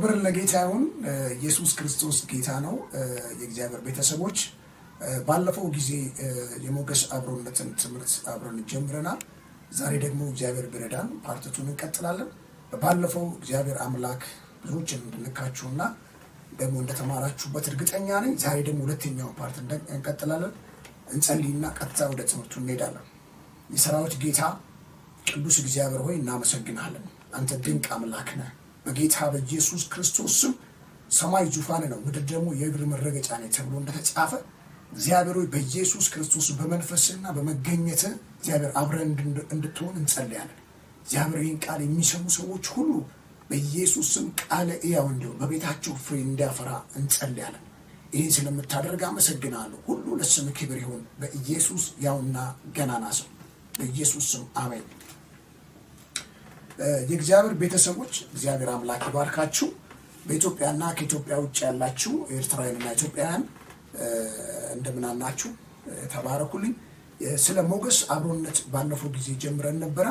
ክብር ለጌታ ይሁን። ኢየሱስ ክርስቶስ ጌታ ነው። የእግዚአብሔር ቤተሰቦች ባለፈው ጊዜ የሞገስ አብሮነትን ትምህርት አብረን ጀምረናል። ዛሬ ደግሞ እግዚአብሔር ቢረዳን ፓርቲቱን እንቀጥላለን። ባለፈው እግዚአብሔር አምላክ ብዙዎች እንድንካችሁና ደግሞ እንደተማራችሁበት እርግጠኛ ነኝ። ዛሬ ደግሞ ሁለተኛውን ፓርት እንቀጥላለን። እንጸልይና ቀጥታ ወደ ትምህርቱ እንሄዳለን። የሰራዊት ጌታ ቅዱስ እግዚአብሔር ሆይ እናመሰግናለን። አንተ ድንቅ አምላክ ነህ። በጌታ በኢየሱስ ክርስቶስ ስም ሰማይ ዙፋን ነው፣ ምድር ደግሞ የእግር መረገጫ ነው ተብሎ እንደተጻፈ እግዚአብሔር ሆይ በኢየሱስ ክርስቶስ በመንፈስና በመገኘት እግዚአብሔር አብረን እንድትሆን እንጸልያለን። እግዚአብሔር ይህን ቃል የሚሰሙ ሰዎች ሁሉ በኢየሱስ ስም ቃለ እያው እንዲሆን በቤታቸው ፍሬ እንዲያፈራ እንጸልያለን። ይህን ስለምታደርግ አመሰግናለሁ። ሁሉ ለስም ክብር ይሁን። በኢየሱስ ያውና ገናና ስም በኢየሱስ ስም አሜን። የእግዚአብሔር ቤተሰቦች እግዚአብሔር አምላክ ይባርካችሁ። በኢትዮጵያና ከኢትዮጵያ ውጭ ያላችሁ ኤርትራውያንና ኢትዮጵያውያን እንደምናናችሁ፣ ተባረኩልኝ። ስለ ሞገስ አብሮነት ባለፈው ጊዜ ጀምረን ነበረ።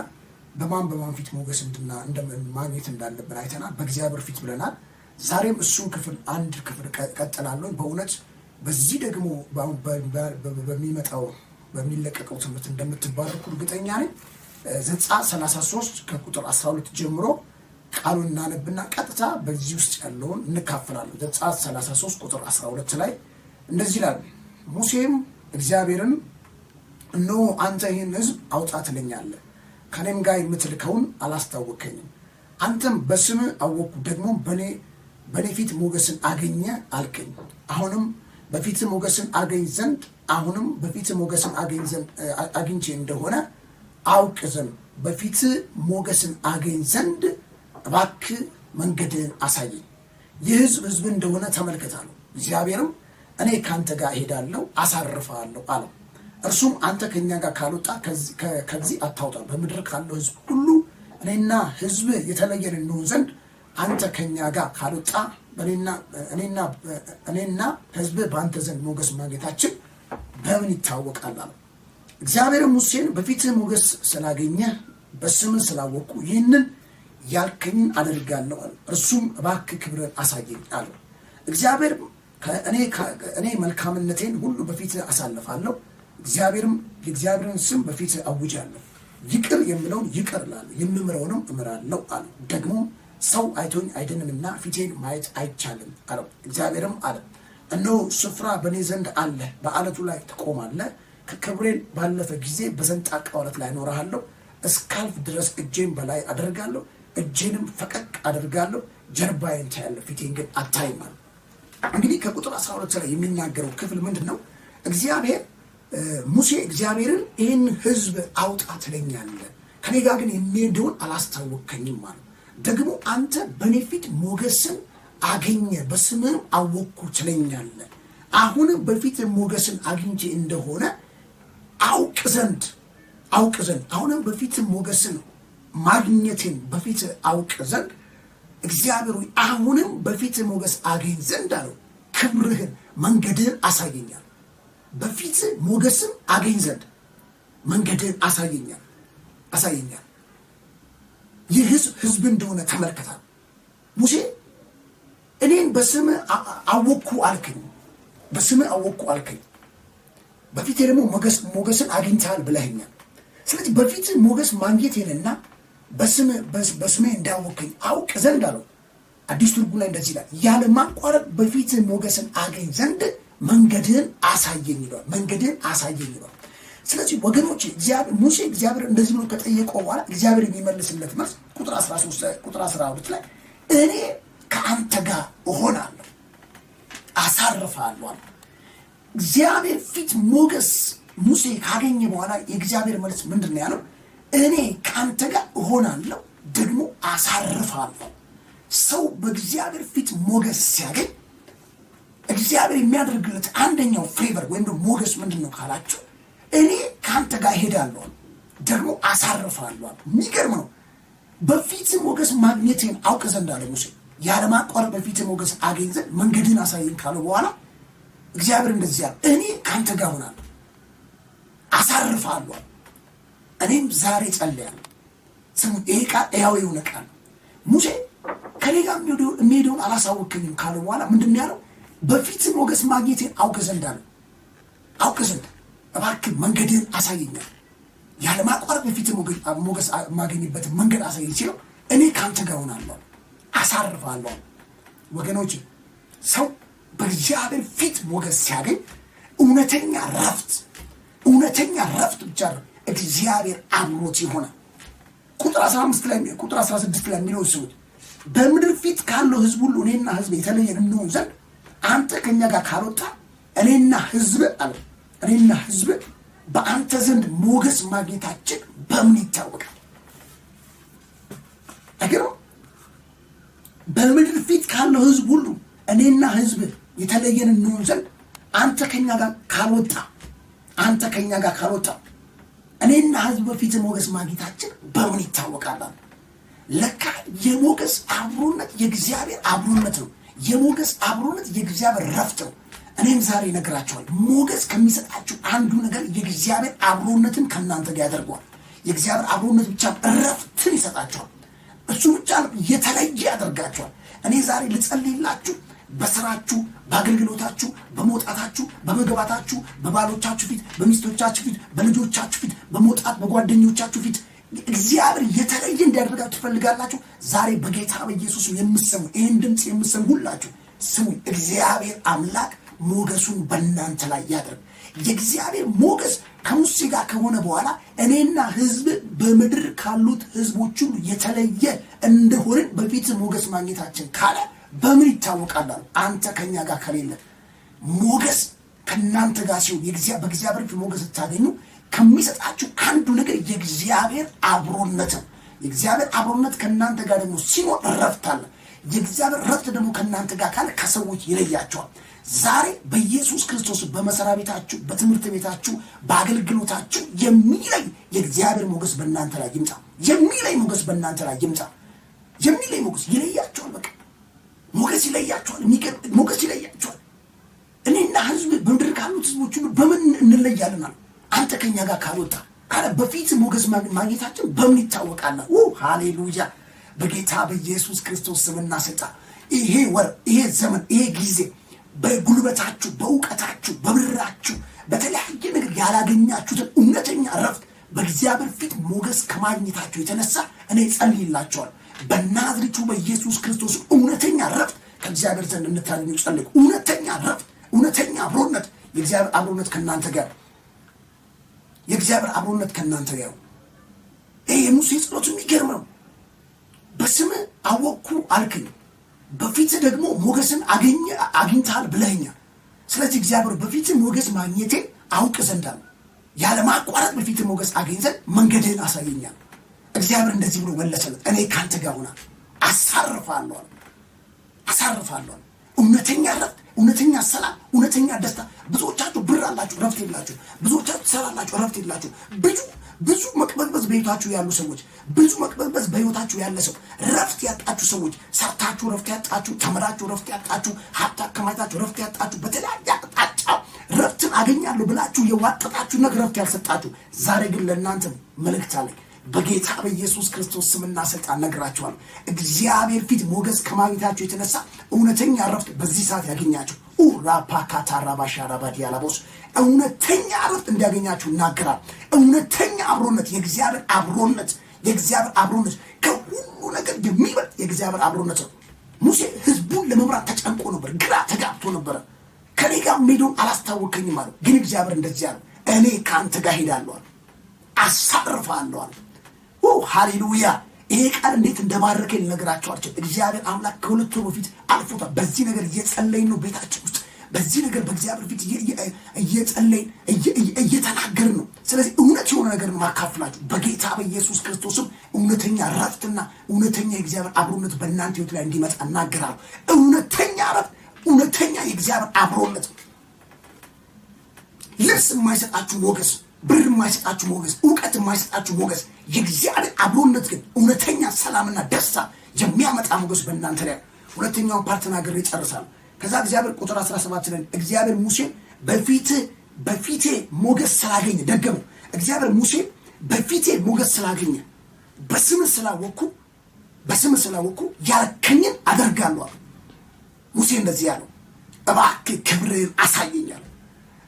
በማን በማን ፊት ሞገስ ማግኘት እንዳለብን አይተናል። በእግዚአብሔር ፊት ብለናል። ዛሬም እሱን ክፍል አንድ ክፍል ቀጥላለሁ። በእውነት በዚህ ደግሞ በሚመጣው በሚለቀቀው ትምህርት እንደምትባረኩ እርግጠኛ ነኝ። ዘጻ 33 ከቁጥር 12 ጀምሮ ቃሉን እናነብና ቀጥታ በዚህ ውስጥ ያለውን እንካፈላለን። ዘጻ 33 ቁጥር 12 ላይ እንደዚህ ይላል፣ ሙሴም እግዚአብሔርን እነሆ አንተ ይህን ሕዝብ አውጣ ትለኛለህ፣ ከእኔም ጋር የምትልከውን አላስታወከኝም። አንተም በስም አወቅኩ፣ ደግሞ በእኔ ፊት ሞገስን አገኘ አልከኝ። አሁንም በፊት ሞገስን አገኝ ዘንድ አሁንም በፊት ሞገስን አገኝ ዘንድ አግኝቼ እንደሆነ አውቅ ዘንድ በፊት ሞገስን አገኝ ዘንድ እባክ መንገድን አሳየኝ። ይህ ህዝብ ህዝብ እንደሆነ ተመልከታለሁ። እግዚአብሔርም እኔ ከአንተ ጋር እሄዳለሁ አሳርፈሃለሁ አለው። እርሱም አንተ ከእኛ ጋር ካልወጣ ከዚህ አታውጣ። በምድር ካለው ህዝብ ሁሉ እኔና ህዝብ የተለየን እንሆን ዘንድ አንተ ከእኛ ጋር ካልወጣ እኔና ህዝብ በአንተ ዘንድ ሞገስ ማግኘታችን በምን ይታወቃል አለው። እግዚአብሔር ሙሴን በፊትህ ሞገስ ስላገኘ በስምን ስላወቁ ይህንን ያልከኝን አደርጋለሁ እርሱም እባክህ ክብርን አሳየኝ አለ። እግዚአብሔር እኔ መልካምነቴን ሁሉ በፊት አሳልፋለሁ፣ እግዚአብሔርም የእግዚአብሔርን ስም በፊት አውጃለሁ። ይቅር የምለውን ይቅር እላለሁ፣ የምምረውንም እምራለሁ አለ። ደግሞ ሰው አይቶኝ አይድንምና ፊቴን ማየት አይቻልም አለው። እግዚአብሔርም አለ እነሆ ስፍራ በእኔ ዘንድ አለ፣ በአለቱ ላይ ትቆማለህ ከክብሬን ባለፈ ጊዜ በሰንጣቃ እውነት ላይ ኖርሃለሁ። እስካልፍ ድረስ እጄን በላይ አደርጋለሁ፣ እጄንም ፈቀቅ አደርጋለሁ። ጀርባዬን ታያለህ፣ ፊቴን ግን አታይም አለ። እንግዲህ ከቁጥር 12 ላይ የሚናገረው ክፍል ምንድን ነው? እግዚአብሔር ሙሴ እግዚአብሔርን ይህን ህዝብ አውጣ ትለኛለህ፣ ከኔ ጋር ግን የሚሄደውን አላስታወከኝም አለ። ደግሞ አንተ በእኔ ፊት ሞገስን አገኘ በስምህም አወቅኩ ትለኛለህ። አሁንም በፊት ሞገስን አግኝቼ እንደሆነ አውቅ ዘንድ አውቅ ዘንድ አሁንም በፊት ሞገስን ማግኘቴን በፊት አውቅ ዘንድ እግዚአብሔር ሆይ አሁንም በፊት ሞገስ አገኝ ዘንድ አለው። ክብርህን መንገድህን አሳየኛል። በፊት ሞገስም አገኝ ዘንድ መንገድህን አሳየኛል አሳየኛል። ይህ ህዝብ ህዝብ እንደሆነ ተመልከታል። ሙሴ እኔን በስም አወቅኩ አልክኝ፣ በስም አወቅኩ አልክኝ። በፊት ደግሞ ሞገስን አግኝተሃል ብለኸኛል። ስለዚህ በፊት ሞገስ ማግኘቴንና በስሜ እንዳወከኝ አውቅ ዘንድ አለው። አዲስ ትርጉ ላይ እንደዚህ ይላል፣ ያለ ማቋረጥ በፊት ሞገስን አገኝ ዘንድ መንገድህን አሳየኝ ይሏል። መንገድህን አሳየኝ ይሏል። ስለዚህ ወገኖች ሙሴ እግዚአብሔር እንደዚህ ብሎ ከጠየቀው በኋላ እግዚአብሔር የሚመልስለት መልስ ቁጥር 12 ላይ እኔ ከአንተ ጋር እሆናለሁ አሳርፋለሁ አለ። እግዚአብሔር ፊት ሞገስ ሙሴ ካገኘ በኋላ የእግዚአብሔር መልስ ምንድን ነው ያለው? እኔ ከአንተ ጋር እሆናለሁ ደግሞ አሳርፋለሁ። ሰው በእግዚአብሔር ፊት ሞገስ ሲያገኝ እግዚአብሔር የሚያደርግለት አንደኛው ፌቨር ወይም ደግሞ ሞገስ ምንድን ነው ካላችሁ፣ እኔ ከአንተ ጋር እሄዳለሁ ደግሞ አሳርፋለሁ። የሚገርም ነው። በፊት ሞገስ ማግኘት አውቅ ዘንድ አለ ሙሴ ያለማቋረጥ በፊት ሞገስ አገኝ ዘንድ መንገድን አሳየን ካለ በኋላ እግዚአብሔር እንደዚህ ያለ እኔ ከአንተ ጋር ሆናለሁ፣ አሳርፋለሁ። እኔም ዛሬ ጸልያለሁ። ስሙ፣ ይሄ ቃል ያው የሆነ ቃል ሙሴ ከኔ ጋር የሚሄደውን አላሳወክኝም ካለ በኋላ ምንድን ያለው? በፊት ሞገስ ማግኘቴን አውቅ ዘንድ አለ። አውቅ ዘንድ እባክህ መንገድህን አሳየኛል። ያለማቋረጥ በፊት ሞገስ ማገኝበትን መንገድ አሳየኝ ሲለው እኔ ከአንተ ጋር ሆናለሁ፣ አሳርፋለሁ። ወገኖች ሰው በእግዚአብሔር ፊት ሞገስ ሲያገኝ እውነተኛ ረፍት እውነተኛ ረፍት ብቻ ነው እግዚአብሔር አብሮት ይሆናል። ቁጥር 15 ላይ ቁጥር 16 ላይ የሚለው ሲሆን በምድር ፊት ካለው ህዝብ ሁሉ እኔና ህዝብ የተለየን እንሆን ዘንድ አንተ ከኛ ጋር ካልወጣ እኔና ህዝብ አለ እኔና ህዝብ በአንተ ዘንድ ሞገስ ማግኘታችን በምን ይታወቃል? አገረው በምድር ፊት ካለው ህዝብ ሁሉ እኔና ህዝብ የተለየን እንሆን ዘንድ አንተ ከኛ ጋር ካልወጣ አንተ ከኛ ጋር ካልወጣ እኔና ህዝብ በፊት ሞገስ ማግኘታችን በምን ይታወቃል? ለካ የሞገስ አብሮነት የእግዚአብሔር አብሮነት ነው። የሞገስ አብሮነት የእግዚአብሔር ረፍት ነው። እኔም ዛሬ ነግራቸዋል። ሞገስ ከሚሰጣችሁ አንዱ ነገር የእግዚአብሔር አብሮነትን ከእናንተ ጋር ያደርገዋል። የእግዚአብሔር አብሮነት ብቻ ረፍትን ይሰጣቸዋል። እሱ ብቻ የተለየ ያደርጋቸዋል። እኔ ዛሬ ልጸልይላችሁ በስራችሁ፣ በአገልግሎታችሁ፣ በመውጣታችሁ፣ በመግባታችሁ፣ በባሎቻችሁ ፊት፣ በሚስቶቻችሁ ፊት፣ በልጆቻችሁ ፊት፣ በመውጣት በጓደኞቻችሁ ፊት እግዚአብሔር የተለየ እንዲያደርጋችሁ ትፈልጋላችሁ። ዛሬ በጌታ በኢየሱስ የምሰሙ ይህን ድምፅ የምሰሙ ሁላችሁ ስሙ። እግዚአብሔር አምላክ ሞገሱን በእናንተ ላይ ያደርግ። የእግዚአብሔር ሞገስ ከሙሴ ጋር ከሆነ በኋላ እኔና ህዝብ በምድር ካሉት ህዝቦች ሁሉ የተለየ እንደሆንን በፊት ሞገስ ማግኘታችን ካለ በምን ይታወቃል? አንተ ከኛ ጋር ከሌለ ሞገስ ከእናንተ ጋር ሲሆን በእግዚአብሔር ሞገስ ስታገኙ ከሚሰጣችሁ አንዱ ነገር የእግዚአብሔር አብሮነት ነው። የእግዚአብሔር አብሮነት ከእናንተ ጋር ደግሞ ሲኖር እረፍት አለ። የእግዚአብሔር ረፍት ደግሞ ከእናንተ ጋር ካለ ከሰዎች ይለያቸዋል። ዛሬ በኢየሱስ ክርስቶስ በመሰራ ቤታችሁ፣ በትምህርት ቤታችሁ፣ በአገልግሎታችሁ የሚለይ የእግዚአብሔር ሞገስ በእናንተ ላይ ይምጣ። የሚለይ ሞገስ በእናንተ ላይ ይምጣ። የሚለይ ሞገስ ይለያቸዋል በቃ ሞገስ ይለያቸዋል። ሞገስ ይለያቸዋል። እኔና ህዝብ በምድር ካሉት ህዝቦች ሁሉ በምን እንለያልናል? አንተ ከኛ ጋር ካልወጣ ካለ በፊት ሞገስ ማግኘታችን በምን ይታወቃል? ሃሌሉያ! በጌታ በኢየሱስ ክርስቶስ ስም እናሰጣ። ይሄ ወር፣ ይሄ ዘመን፣ ይሄ ጊዜ በጉልበታችሁ፣ በእውቀታችሁ፣ በብራችሁ በተለያየ ነገር ያላገኛችሁትን እውነተኛ ረፍት በእግዚአብሔር ፊት ሞገስ ከማግኘታችሁ የተነሳ እኔ ጸልይላቸዋል። በናዝሪቱ በኢየሱስ ክርስቶስ እውነተኛ ረፍት ከእግዚአብሔር ዘንድ እንድታገኙ ጸልቅ። እውነተኛ ረፍት፣ እውነተኛ አብሮነት፣ የእግዚአብሔር አብሮነት ከእናንተ ጋር የእግዚአብሔር አብሮነት ከእናንተ ጋር። ይህ የሙሴ ጸሎት የሚገርም ነው። አወቅኩ አልክኝ፣ በፊት ደግሞ ሞገስን አግኝተሃል ብለኛ ስለዚህ እግዚአብሔር በፊት ሞገስ ማግኘቴ አውቅ ዘንድ ያለማቋረጥ በፊት ሞገስ አገኝ ዘንድ መንገድህን አሳየኛል። እግዚአብሔር እንደዚህ ብሎ መለሰለት፣ እኔ ካንተ ጋር ሆና አሳርፋለሁ፣ አሳርፋለሁ። እውነተኛ ረፍት፣ እውነተኛ ሰላም፣ እውነተኛ ደስታ። ብዙዎቻችሁ ብር አላችሁ፣ ረፍት የላችሁ። ብዙዎቻችሁ ትሰራላችሁ፣ ረፍት የላችሁ። ብዙ ብዙ መቅበዝበዝ በቤታችሁ ያሉ ሰዎች፣ ብዙ መቅበዝበዝ በህይወታችሁ ያለ ሰው፣ ረፍት ያጣችሁ ሰዎች፣ ሰርታችሁ ረፍት ያጣችሁ፣ ተምራችሁ ረፍት ያጣችሁ፣ ሀብት አከማይታችሁ ረፍት ያጣችሁ፣ በተለያየ አቅጣጫ ረፍትን አገኛለሁ ብላችሁ የዋጠጣችሁ ነገር ረፍት ያልሰጣችሁ፣ ዛሬ ግን ለእናንተ መልእክት አለኝ። በጌታ በኢየሱስ ክርስቶስ ስምና ስልጣን ነግራችኋል። እግዚአብሔር ፊት ሞገስ ከማግኘታችሁ የተነሳ እውነተኛ እረፍት በዚህ ሰዓት ያገኛችሁ ኡራፓካታራባሻራባዲያላቦስ እውነተኛ እረፍት እንዲያገኛችሁ እናገራል። እውነተኛ አብሮነት፣ የእግዚአብሔር አብሮነት፣ የእግዚአብሔር አብሮነት ከሁሉ ነገር የሚበልጥ የእግዚአብሔር አብሮነት ነው። ሙሴ ህዝቡን ለመምራት ተጨንቆ ነበር፣ ግራ ተጋብቶ ነበረ። ከኔ ጋር ሜዶን አላስታወከኝም አለ። ግን እግዚአብሔር እንደዚህ አለ፣ እኔ ከአንተ ጋር ሄዳለዋል፣ አሳርፋለዋል ሃሌሉያ! ይሄ ቃል እንዴት እንደባረከኝ ልነግራችሁ አልችል። እግዚአብሔር አምላክ ከሁለት ወር በፊት አልፎታል። በዚህ ነገር እየጸለይን ነው ቤታችን ውስጥ በዚህ ነገር በእግዚአብሔር ፊት እየጸለይን እየተናገርን ነው። ስለዚህ እውነት የሆነ ነገር ማካፍላችሁ በጌታ በኢየሱስ ክርስቶስም እውነተኛ ረፍትና እውነተኛ የእግዚአብሔር አብሮነት በእናንተ ሕይወት ላይ እንዲመጣ እናገራሉ። እውነተኛ ረፍት፣ እውነተኛ የእግዚአብሔር አብሮነት ልብስ የማይሰጣችሁ ሞገስ ብር የማይሰጣችሁ ሞገስ፣ እውቀት የማይሰጣችሁ ሞገስ፣ የእግዚአብሔር አብሮነት ግን እውነተኛ ሰላምና ደስታ የሚያመጣ ሞገስ በእናንተ ላይ። ሁለተኛውን ፓርትና ተናግሬ ይጨርሳል። ከዛ እግዚአብሔር ቁጥር 17 ላይ እግዚአብሔር ሙሴን በፊት በፊቴ ሞገስ ስላገኘ ደገሙ። እግዚአብሔር ሙሴን በፊቴ ሞገስ ስላገኘ በስም ስላወቅኩ በስም ስላወቅኩ ያልከኝን አደርጋለሁ አለ። ሙሴ እንደዚህ ያለው እባክህ ክብርን አሳየኛል።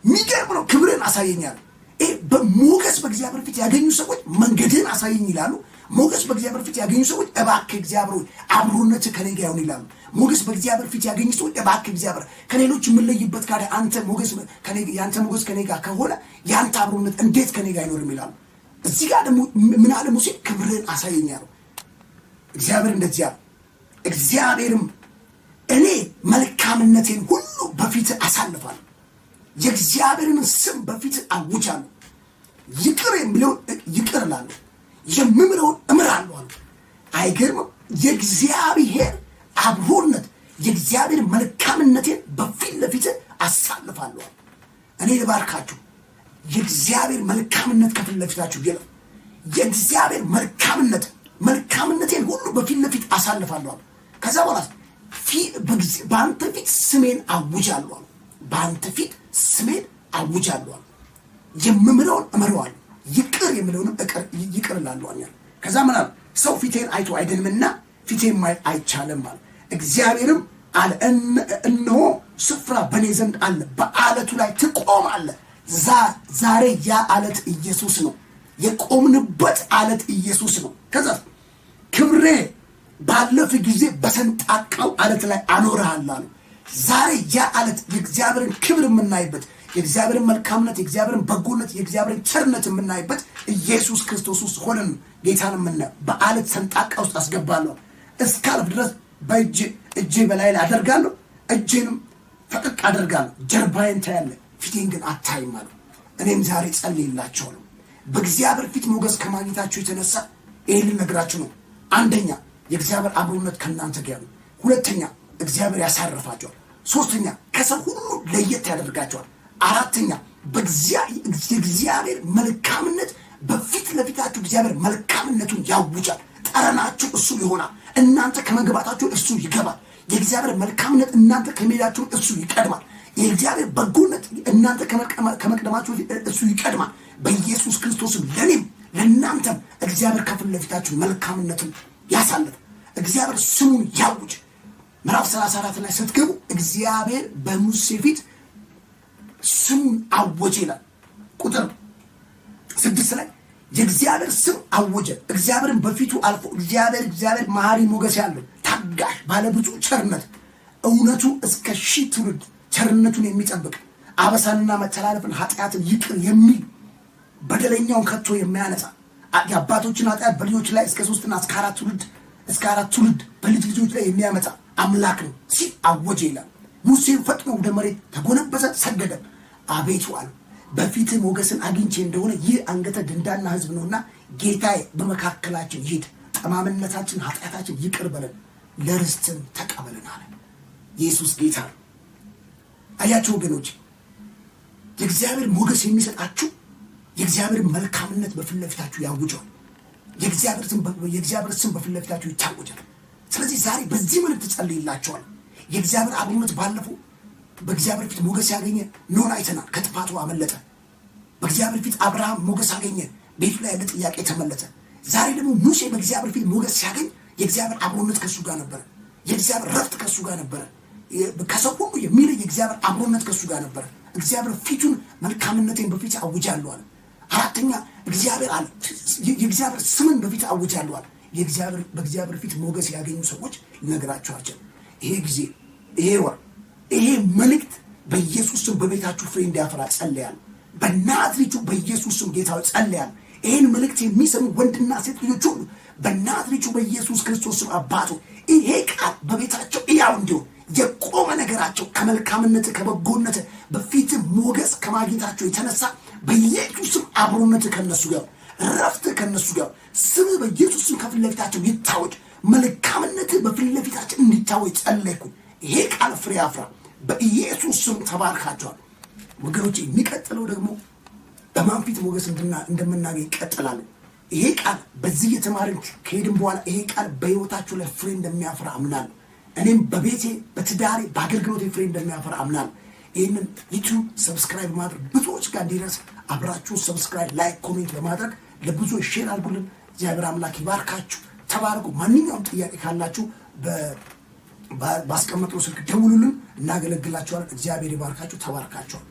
የሚገርም ነው። ክብርን አሳየኛል። በሞገስ በእግዚአብሔር ፊት ያገኙ ሰዎች መንገድህን አሳየኝ ይላሉ። ሞገስ በእግዚአብሔር ፊት ያገኙ ሰዎች እባክህ እግዚአብሔር አብሮነት ከኔ ጋር ይሁን ይላሉ። ሞገስ በእግዚአብሔር ፊት ያገኙ ሰዎች እባክህ እግዚአብሔር ከሌሎች የምለይበት ካለ አንተ ሞገስ ከኔ ያንተ ሞገስ ከኔ ጋር ከሆነ ያንተ አብሮነት እንዴት ከኔ ጋር አይኖርም ይላሉ። እዚህ ጋር ደግሞ ምን አለ ሙሴ ክብርህን አሳየኝ አለው። እግዚአብሔር እንደዚያ እግዚአብሔርም እኔ መልካምነቴን ሁሉ በፊት አሳልፋለሁ፣ የእግዚአብሔርን ስም በፊት አውጃለሁ ይቅር የሚለውን ይቅር እላለሁ፣ የምምለውን እምራለሁ አለ። አይገርምም? የእግዚአብሔር አብሮነት የእግዚአብሔር መልካምነቴን በፊት ለፊት አሳልፋለሁ። እኔ ልባርካችሁ። የእግዚአብሔር መልካምነት ከፊት ለፊታችሁ ይላል። የእግዚአብሔር መልካምነት መልካምነቴን ሁሉ በፊት ለፊት አሳልፋለሁ። ከዛ በኋላ በአንተ ፊት ስሜን አውጃለሁ። በአንተ ፊት ስሜን አውጃለሁ። የምምለውን እምረዋለሁ፣ ይቅር የምለውንም ይቅር እላለሁ። ከዛ ምናል ሰው ፊቴን አይቶ አይደልምና ፊቴን ማየት አይቻልም ማለት እግዚአብሔርም አለ እነሆ ስፍራ በእኔ ዘንድ አለ፣ በአለቱ ላይ ትቆም አለ። ዛሬ ያ አለት ኢየሱስ ነው። የቆምንበት አለት ኢየሱስ ነው። ከዛ ክብሬ ባለፈ ጊዜ በሰንጣቃው አለት ላይ አኖርሃለሁ። ዛሬ ያ አለት የእግዚአብሔርን ክብር የምናይበት የእግዚአብሔርን መልካምነት፣ የእግዚአብሔርን በጎነት፣ የእግዚአብሔርን ቸርነት የምናይበት ኢየሱስ ክርስቶስ ውስጥ ሆነን ጌታን የምነ በአለት ሰንጣቃ ውስጥ አስገባለሁ እስካልፍ ድረስ በእጅ እጄ በላይ ላይ አደርጋለሁ፣ እጄንም ፈቀቅ አደርጋለሁ። ጀርባዬን ታያለ፣ ፊቴን ግን አታይም አሉ። እኔም ዛሬ ነው። በእግዚአብሔር ፊት ሞገስ ከማግኘታቸው የተነሳ ይህን ልነግራችሁ ነው። አንደኛ የእግዚአብሔር አብሮነት ከእናንተ ጋር ነው። ሁለተኛ እግዚአብሔር ያሳርፋቸዋል። ሶስተኛ ከሰው ሁሉ ለየት ያደርጋቸዋል። አራተኛ የእግዚአብሔር መልካምነት በፊት ለፊታችሁ እግዚአብሔር መልካምነቱን ያውጃል። ጠረናችሁ እሱ ይሆናል። እናንተ ከመግባታችሁ እሱ ይገባል። የእግዚአብሔር መልካምነት እናንተ ከመሄዳችሁ እሱ ይቀድማል። የእግዚአብሔር በጎነት እናንተ ከመቅደማችሁ እሱ ይቀድማል። በኢየሱስ ክርስቶስም ለኔም ለእናንተም እግዚአብሔር ከፊት ለፊታችሁ መልካምነትን ያሳልፍ። እግዚአብሔር ስሙን ያውጅ። ምዕራፍ 34 ላይ ስትገቡ እግዚአብሔር በሙሴ ፊት ስሙን አወጀ ይላል። ቁጥር ስድስት ላይ የእግዚአብሔር ስም አወጀ። እግዚአብሔርን በፊቱ አልፎ እግዚአብሔር እግዚአብሔር መሐሪ ሞገስ ያለው ታጋሽ ባለብዙ ቸርነት እውነቱ እስከ ሺህ ትውልድ ቸርነቱን የሚጠብቅ አበሳንና መተላለፍን ኃጢአትን ይቅር የሚል በደለኛውን ከቶ የሚያነሳ የአባቶችን ኃጢአት በልጆች ላይ እስከ ሶስትና እስከ አራት ትውልድ እስከ አራት ትውልድ በልጅ ልጆች ላይ የሚያመጣ አምላክ ነው ሲል አወጀ ይላል። ሙሴ ፈጥኖ ወደ መሬት ተጎነበሰ፣ ሰገደ። አቤቱ አሉ በፊት ሞገስን አግኝቼ እንደሆነ ይህ አንገተ ድንዳና ህዝብ ነውና ጌታዬ በመካከላችን ይሄድ፣ ጠማምነታችን ኃጢአታችን ይቅር በለን፣ ለርስትን ተቀበልን አለ። ኢየሱስ ጌታ ነው። አያቸው ወገኖች፣ የእግዚአብሔር ሞገስ የሚሰጣችሁ የእግዚአብሔር መልካምነት በፊት ለፊታችሁ ያውጀዋል። የእግዚአብሔር ስም በፊት ለፊታችሁ ይታወጃል። ስለዚህ ዛሬ በዚህ መልክ ትጸልይላቸዋል። የእግዚአብሔር አብሮነት ባለፈው በእግዚአብሔር ፊት ሞገስ ያገኘ ኖን አይተናል። ከጥፋቱ አመለጠ። በእግዚአብሔር ፊት አብርሃም ሞገስ አገኘ። ቤቱ ላይ ያለ ጥያቄ ተመለጠ። ዛሬ ደግሞ ሙሴ በእግዚአብሔር ፊት ሞገስ ሲያገኝ የእግዚአብሔር አብሮነት ከእሱ ጋር ነበረ። የእግዚአብሔር ረፍት ከእሱ ጋር ነበረ። ከሰው ሁሉ የሚል የእግዚአብሔር አብሮነት ከእሱ ጋር ነበረ። እግዚአብሔር ፊቱን መልካምነቴን በፊት አውጃለዋል። አራተኛ እግዚአብሔር አለ የእግዚአብሔር ስምን በፊት አውጃለዋል። የእግዚአብሔር በእግዚአብሔር ፊት ሞገስ ያገኙ ሰዎች ልነግራችኋቸው ይሄ ጊዜ ይሄ ወር ይሄ መልእክት በኢየሱስ በቤታችሁ ፍሬ እንዲያፈራ ጸልያል። በናት ልጁ በኢየሱስ ጌታዊ ጸልያል። ይህን መልእክት የሚሰሙ ወንድና ሴት ልጆች ሁሉ በናት ልጁ በኢየሱስ ክርስቶስ አባቶ ይሄ ቃል በቤታቸው እያው እንዲሆን የቆመ ነገራቸው ከመልካምነት ከበጎነት በፊት ሞገስ ከማግኘታቸው የተነሳ በኢየሱስም አብሮነት ከነሱ ጋር ረፍት ከነሱ ጋር ስም በኢየሱስም ስም ከፊት ለፊታቸው ይታወቅ። መልካምነት በፊት ለፊታቸው እንዲታወቅ ጸለይኩ። ይሄ ቃል ፍሬ አፍራ። በኢየሱስ ስም ተባርካቸዋል ወገኖች። የሚቀጥለው ደግሞ በማን ፊት ሞገስ እንደምናገኝ ይቀጥላሉ። ይሄ ቃል በዚህ የተማሪ ከሄድን በኋላ ይሄ ቃል በህይወታቸው ላይ ፍሬ እንደሚያፈራ አምናለሁ። እኔም በቤቴ በትዳሬ በአገልግሎት ፍሬ እንደሚያፈራ አምናለሁ። ይህንን ዩቱብ ሰብስክራይብ ማድረግ ብዙዎች ጋር እንዲደርስ አብራችሁ ሰብስክራይብ፣ ላይክ፣ ኮሜንት በማድረግ ለብዙዎች ሼር አድርጉልን። እግዚአብሔር አምላክ ይባርካችሁ። ተባረኩ። ማንኛውም ጥያቄ ካላችሁ ባስቀመጥነው ስልክ ደውሉልን። እናገለግላቸዋለን። እግዚአብሔር ይባርካችሁ። ተባርካችኋል።